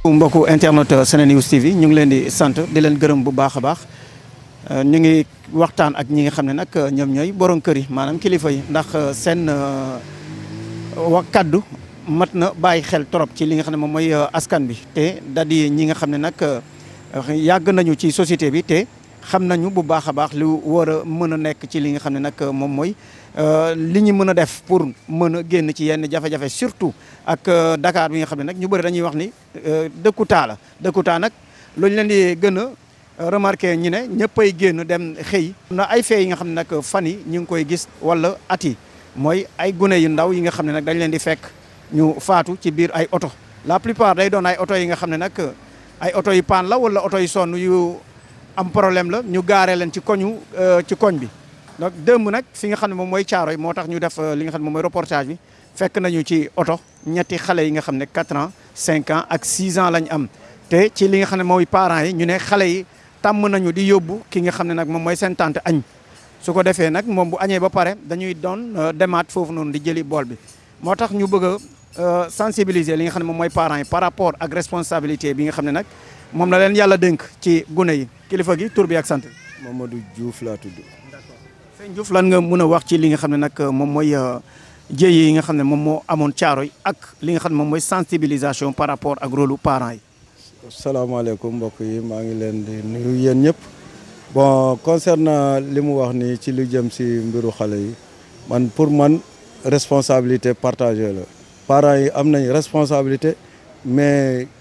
u mbokku internet SeneNews TV ñu ngi leen di sant di leen gërëm bu baax a baax euh, ñu ngi waxtaan ak ñi nga xam ne nag euh, ñoom ñooy borom kër yi maanaam kilifay ndax euh, seen wa kàddu mat na bàyyi xel trop ci li nga xam ne moom mooy askan bi te da di ñi nga xam ne nag yàgg nañu ci société bi te. xam nañu bu baax a baax lu war a mën a nekk ci li nga xam ne nag euh, moom mooy euh, li ñu mën a def pour mën a génn ci yenn jafe-jafe surtout ak euh, Dakar bi nga xam ne nag ñu bëri dañuy wax ni dëkku taa la dëkku taa nag loolu leen di gën a remarqué ñu ne ñëppay génn dem xëy na ay fee yi nga xam ne nag fan yi ñu ngi koy gis wala at yi mooy ay gune yu ndaw yi nga xam ne nag dañ leen di fekk ñu faatu ci biir ay oto la plupart day doon ay oto yi nga xam ne nag ay oto yu paan la wala oto yu sonn yu am problème la ñu gaaree leen ci koñu euh, ci koñ bi donc démb nag fi nga xam ne moom mooy caaro yi moo tax ñu def euh, li nga xam ne moom mooy nañu ci oto ñetti xale yi nga xam ne 4 ans 5 ans ak 6 ans lañ am te ci li nga xam ne mooy parents yi ñu ne xale yi tàmm nañu di yóbbu ki nga xam ne nag moom mooy seen añ su ko defee nag moom bu añee ba pare dañuy doon euh, demaat foofu noonu di jëli bool bi moo tax ñu bëgg a sensibiliser li nga xam ne moom mooy parents yi par rapport ak responsabilité bi nga xam ne nag moom la leen yàlla dénk ci gune yi kilifa gi tur bi ak sant. Mamadou Diouf laa tudd. d'accord sëñ Diouf lan nga mun a wax ci li nga xam ne nag euh, moom mooy euh, jéey yi nga xam ne moom moo amoon caaro yi ak li nga xam ne moom mooy sensibilisation par rapport ak rôle parent yi. salaamaaleykum mbokk yi maa ngi leen di nuyu yéen ñëpp bon concernant li mu wax ni ci lu jëm si mbiru xale yi man pour man responsabilité partagée la parents yi am nañ responsabilité mais.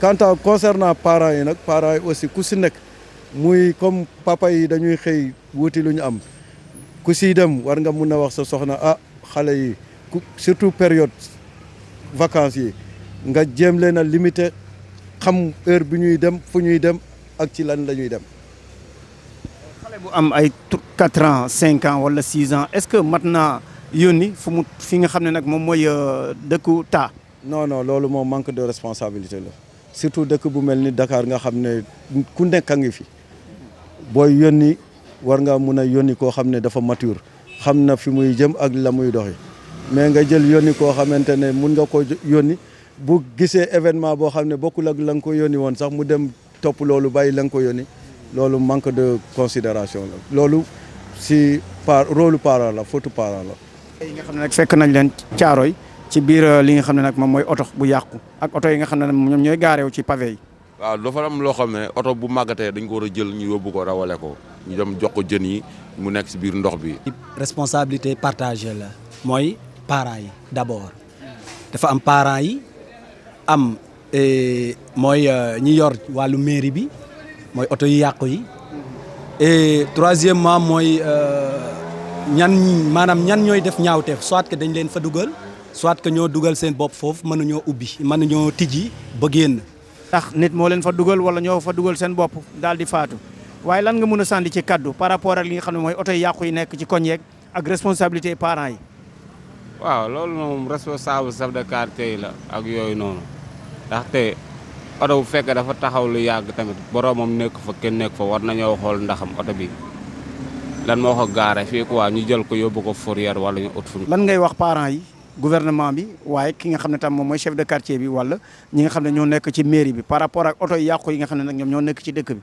Quant à concernant les parents, les parents aussi, qui sont comme papa, ils ont été élevés, ils ont été élevés, ils ont été élevés, ils de été élevés, surtout période vacances, ils ont été élevés, ils ont été élevés, ils ont été élevés, ils ont été élevés. Vous avez 4 ans, 5 ans ou 6 ans, est-ce que maintenant, Yoni, vous savez que c'est un peu de temps Non, non, c'est un manque de responsabilité. surtout dëkk bu mel ni Dakar nga xam ne ku nekk a ngi fi booy yónni war nga mun a yónni koo xam ne dafa mature xam na fi muy jëm ak la muy doxi mais nga jël yónni koo xamante ne mun nga ko yónni bu gisee événement boo xam ne bokkul ak la nga ko yónni woon sax mu dem topp loolu bàyyi la nga ko yónni loolu manque de considération la loolu si par rôle parent la faute parent la. yi xam ne fekk nañ leen caaroy ci biir euh, li nga xam ne nag moom mooy oto bu yàqu ak oto yi nga xam ne ñoom ñooy gaareew ci pavé yi. waaw dafa am loo xam ne oto bu màggatee dañ ko war a jël ñu yóbbu ko rawale ko ñu dem jox ko jën yi mu nekk si biir ndox bi. responsabilité partagée la mooy parents yi d'abord dafa am parents yi am euh, mooy euh, ñi yor wàllu mairie bi mooy oto yu yàqu yi et troisièmement mooy ñan maanaam ñan ñooy def ñaawteef soit que dañ leen fa dugal. soit que ñoo dugal seen bopp foofu mënuñoo ubbi mënuñoo tijji ba génn. ndax nit moo leen fa dugal wala ñoo fa dugal seen bopp daal di faatu waaye lan nga mun a sànni ci kaddu par rapport ak li nga xam ne mooy oto yàqu yi nekk ci koñ yeeg ak responsabilité parents yi. waaw loolu moom responsable chef de quartier yi la ak yooyu noonu ndaxte oto bu fekkee dafa taxaw lu yàgg tamit boroom moom nekk fa kenn nekk fa war nañoo xool ndaxam oto bi lan moo ko gaare fii quoi ñu jël ko yóbbu ko fourrière wala ñu ut fuñ. ngay wax parents yi. gouvernement bi waaye ki nga xam ne tam moom mooy chef de quartier bi wala ñi nga xam ne ñoo nekk ci mairie bi par rapport ak oto yi yàqu yi nga xam ne nag ñoom ñoo nekk ci dëkk bi.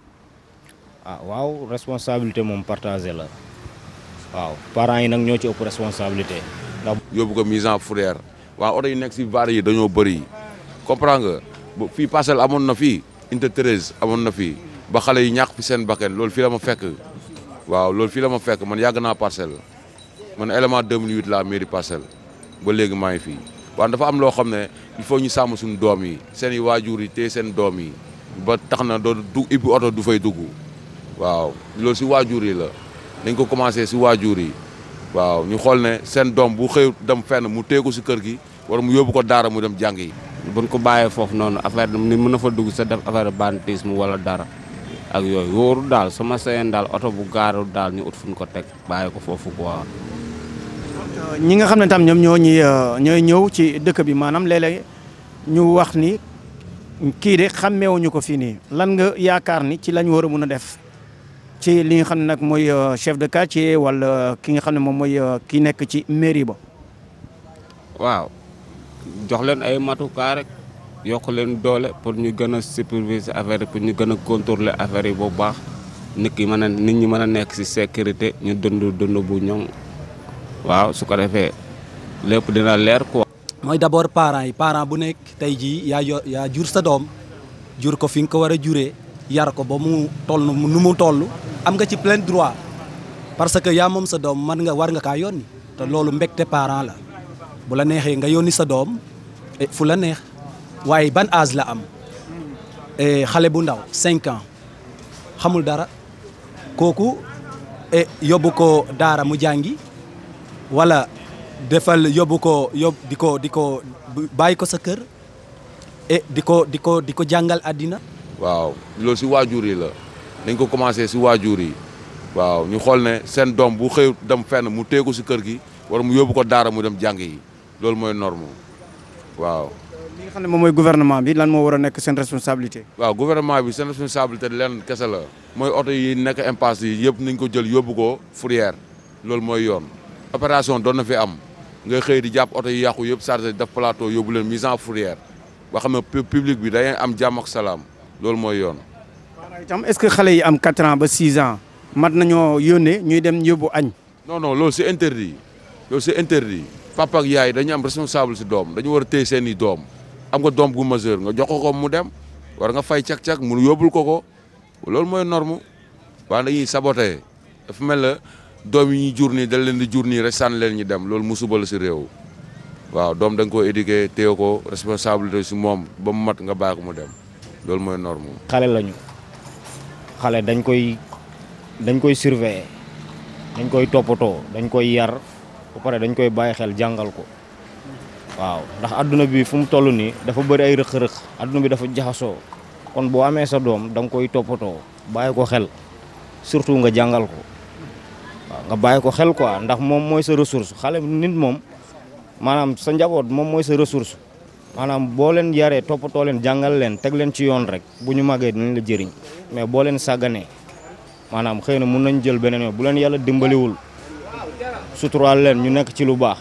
Ah, waaw responsabilité moom partagé la waaw parent yi nag ñoo ci ëpp responsabilité. ndax yóbbu ko mise en fourrière waaw oto yi nekk si baar yi dañoo bëri comprendre nga fii parcelle amoon na fii unité 13 amoon na fii ba xale yi ñàkk fi seen bakkan loolu fii la ma fekk waaw loolu fii la ma fekk man yàgg naa parcelle man élément 2008 la mairie parcelle. ba léegi maa ngi fii waaw dafa am loo xam ne il faut ñu sàmm suñu doom yi seeni waajur yi te seen doom yi ba tax na doo du oto du fay dugg waaw loolu si waajur yi la dañ ko commencé si waajur yi waaw ñu xool ne seen doom bu xëy dem fenn mu téeku si kër gi wala mu yóbbu ko daara mu dem jàng yi. buñ ko bàyyee foofu noonu affaire ni mën na fa dugg sa def affaire banditisme wala dara ak yooyu wóoru daal sama seen daal oto bu gaarul daal ñu ut fuñ ko teg bàyyi ko foofu quoi. ñi nga xam ne tam ñoom ñoo ñuy euh, ñooy ñëw ci dëkk bi maanaam léeg ñu wax ni kii de xàmmeewuñu ko fii nii lan nga yaakaar ni ci lañ war a mun a def ci li nga xam ne nag mooy euh, chef de quartier wala euh, ki nga xam ne moom mooy ki nekk ci mairie ba. waaw jox leen ay matukaa rek yokk leen doole pour ñu gën a superviser affaire yi pour ñu gën a contrôler affaire yi bu baax nit ki mën a nit ñi mën a nekk si sécurité ñu dund dund bu ñoŋ. waaw su ko defee lépp dina leer quoi. mooy d'abord parents yi parent bu nekk tey jii yaa yaa jur sa doom jur ko fi nga ko war a juree yar ko ba mu toll nu mu toll am nga ci plein droit parce que yaa moom sa doom man nga war nga kaa yónni te loolu te parent la bu la neexee nga yónni sa doom e, fu la neex waaye ban âge la am e, xale bu ndaw cinq ans xamul dara kooku e, yóbbu ko daara mu jàngi wala defal yóbbu ko yóbbu di ko di ko bàyyi ko sa kër e, di ko di ko di ko jàngal àddina. waaw loolu si waajur yi la dañ ko commencé si waajur yi waaw ñu xool ne seen doom bu xëy dem fenn mu teeku si kër gi wala mu yóbbu ko daara mu dem jàng yi loolu mooy norme waaw. li xam ne moom mooy gouvernement bi lan moo war a nekk seen responsabilité. waaw gouvernement bi seen responsabilité lenn kese la mooy oto yi nekk impasse yi yëpp nañ ko jël yóbbu ko fourrière loolu mooy yoon. opération doon na fi am nga xey di jàpp oto yu yàqu yeb charger def plateau yóbbu leen mise en fourrière ba xam public bi day am jàmm ak salaam loolu mooy yoon. itam est-ce que xalé yi am 4 ans ba 6 ans mat nañu yone ñuy dem yóbbu añ. non non loolu c'est interdit loolu c'est interdit papa ak yaay dañu am responsable ci dom dañu wara tey téye seen i am nga dom bu majeur nga jox ko mu dem war nga fay ciak ciak mu yobul koko ko moy norme ba dañuy saboter fu mel la doom yi jurni dal leen di jurni rek san leen ñi dem lool musuba la ci réew waaw doom dang nga koo éduqué téye ko responsabilité dan mom ba mu mat nga koi mu dem lool moy norme xalé lañu xalé dañ koy dañ koy surveiller dañ koy topoto dañ koy yar bu paré dañ koy baye xel jangal ko waaw ndax aduna bi fu mu tollu ni dafa bari ay rekh rekh aduna bi dafa jaxaso kon bo amé sa doom dang koy topoto baye ko xel surtout nga jangal ko nga bàyyi ko xel quoi ndax mom moy sa ressource xale nit mom manam sa njabot mom moy sa ressource maanaam bo len yaree toppatoo len jangal len tek len ci yoon rek buñu ñu dañ la jëriñ mais bo len sagane manam xeyna mën nañ jël beneen yoon bu leen yàlla dimbaliwul suturaal len ñu nek ci lu bax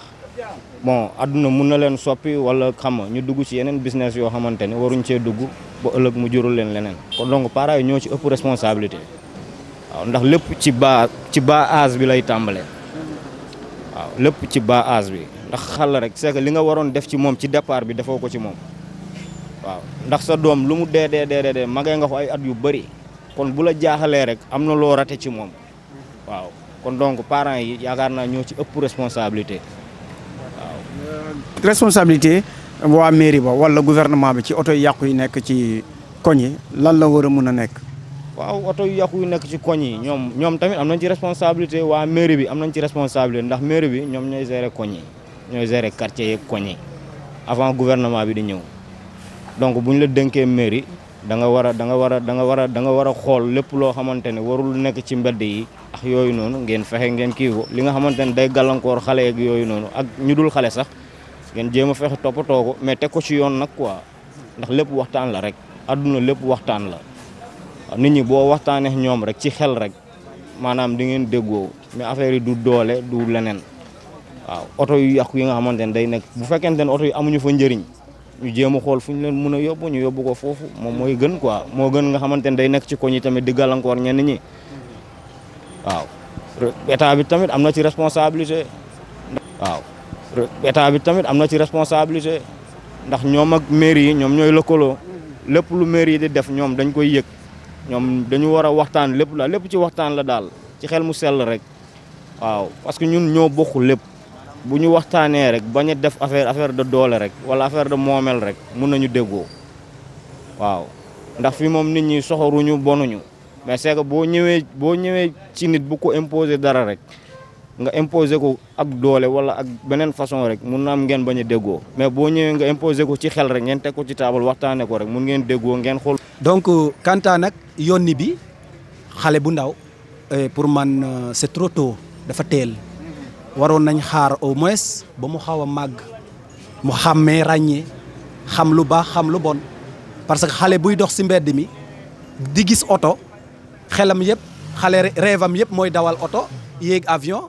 bon aduna mën na len soppi wala xam ñu dugg ci yenen business yo xamantene waruñ ci dugg ba ëlëk mu jurul len lenen kon donc para ñoo ci ëpp responsabilité ndax lépp ci baa ci baa âge bi lay tàmbale waaw lépp ci ba aas bi ndax xal rek c'est li nga waroon def ci moom ci départ bi defoo ko ci moom waaw ndax sa doom lu mu dee dee dee dee nga ko ay at yu bëri kon bu la jaaxalee rek am na loo rate ci moom waaw kon donc parent yi yaakaar naa ñoo ci ëpp responsabilité waaw. responsabilité waa mairie ba wala gouvernement bi ci oto yàqu yi nekk ci koñ yi lan la war a mun a nekk. waaw oto yu yàqu yu nekk ci koñ yi ñoom ñoom tamit am nañ ci responsabilité waa mairie bi am nañ ci responsabilité ndax mairie bi ñoom ñooy gérer koñ yi ñooy gérer quartier yeeg koñ avant gouvernement bi di ñëw donc bu ñu la dénkee mairie da nga war a da nga war da nga war a da nga war xool lépp loo xamante ne warul nekk ci mbedd yi ak yooyu noonu ngeen fexe ngeen kii ko li nga xamante ne day gàllankoor xale yeeg yooyu noonu ak ñu dul xale sax ngeen jéem a fexe toppatoo ko mais teg ko ci yoon nag ko ndax lépp waxtaan la rek adduna lépp waxtaan la nit ñi bo waxtane ñom rek ci xel rek manam di ngeen deggo mais affaire yi du doole du leneen waaw auto yu yàqu yi nga xamantene day nek bu fekkente ne oto yi amuñu fa njëriñ ñu jéem xol fuñu leen mëna yob ñu yob ko fofu mom moy gën quoi mo gën nga xamantene day nek ci koñi tamit di galankor ñen ñi waaw état bi tamit amna ci responsabilité waaw état bi tamit amna ci responsabilité ndax ñom ak mairie yi lu mairie di def ñom dañ koy yek ñoom dañu war a waxtaan lépp la lépp ci waxtaan la daal ci xel mu sel rek waaw parce que ñun ñoo bokk lépp bu ñu waxtaanee rek bañ a def affaire affaire de doole rek wala affaire de moomel rek mun nañu déggoo waaw ndax fi moom nit ñi soxoruñu bonuñu mais c'est que boo ñëwee boo ñëwee ci nit bu ko imposer dara rek nga imposer ko ak doole wala ak beneen façon rek mun na ngeen bañ a déggoo mais boo ñëwee nga imposer ko ci xel rek ngeen teg ko ci taabal waxtaanee ko rek mun ngeen déggoo ngeen xool. donc Kanta euh, nag yónni bi xale bu ndaw eh, pour man euh, c'est trop tôt dafa teel waroon nañ xaar au moins ba mu xaw a màgg mu xàmmee ràññee xam lu baax xam lu bon parce que xale buy dox si mbedd mi di gis oto xelam yëpp xale rêvam yëpp mooy dawal oto yéeg avion.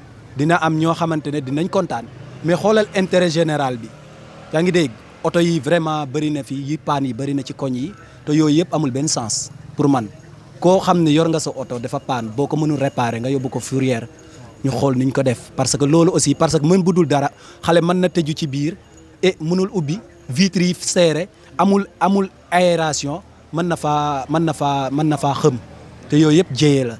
dina am ñoo xamante ne dinañ kontaan mais xoolal intérêt général bi yaa ngi dégg oto yi vraiment bëri na fi yi paan yi bëri na ci koñ yi te yooyu yëpp amul benn sens pour man koo xam ne yor nga sa oto dafa paan boo ko mënul réparer nga yóbbu ko fourrière ñu xool niñ ko def parce que loolu aussi parce que mën bu dul dara xale mën na tëju ci biir et mënul ubbi vitres yi serré amul amul aération mën na faa mën na faa mën na faa xëm te yooyu yëpp jéyee la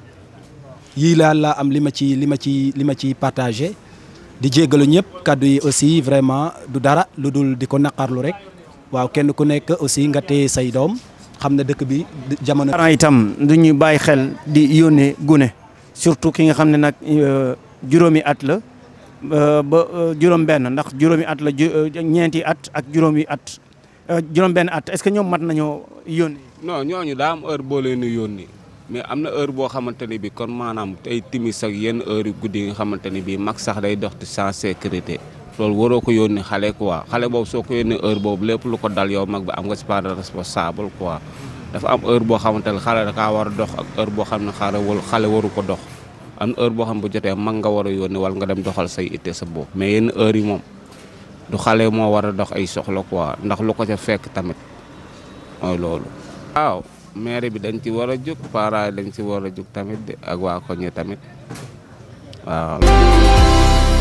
yii laa la am li ma ci li ma ci li ma ci partagé di jéggalu ñëpp kàddu yi aussi vraiment du dara lu dul di ko naqarlu rek waaw kenn ku nekk aussi nga téye say doom xam ne dëkk bi jamono. parents itam du ñuy bàyyi xel di yónnee gune surtout ki nga xam ne nag euh, juróomi at la euh, ba euh, juróom benn ndax juróomi at la ñeenti at ak juróomi at juróom benn at est-ce que ñoom mat nañoo yónni. non ñooñu daa am heure boole leen di yónni mais am na heure boo xamante ne bi kon maanaam tey timis ak yenn heure yu guddi yi nga xamante ne bi mag sax day dox sans sécurité loolu waroo ko yónni xale quoi xale boobu soo ko yónni heure boobu lépp lu ko dal yow mag bi am nga si part de responsable quoi dafa am heure boo xamante ne xale da war a ak heure boo xam ne xale wala xale waru ko dox am na heure boo xam bu jotee mag nga war a yónni wala nga dem doxal say itte sa bopp mais yenn heure yi moom du xale moo war a dox ay soxla quoi ndax lu ko ca fekk tamit mooy loolu maire bi dañ ci war a jóg parents yi dañ ci war a jóg tamit ak waa koñ yi tamit waaw.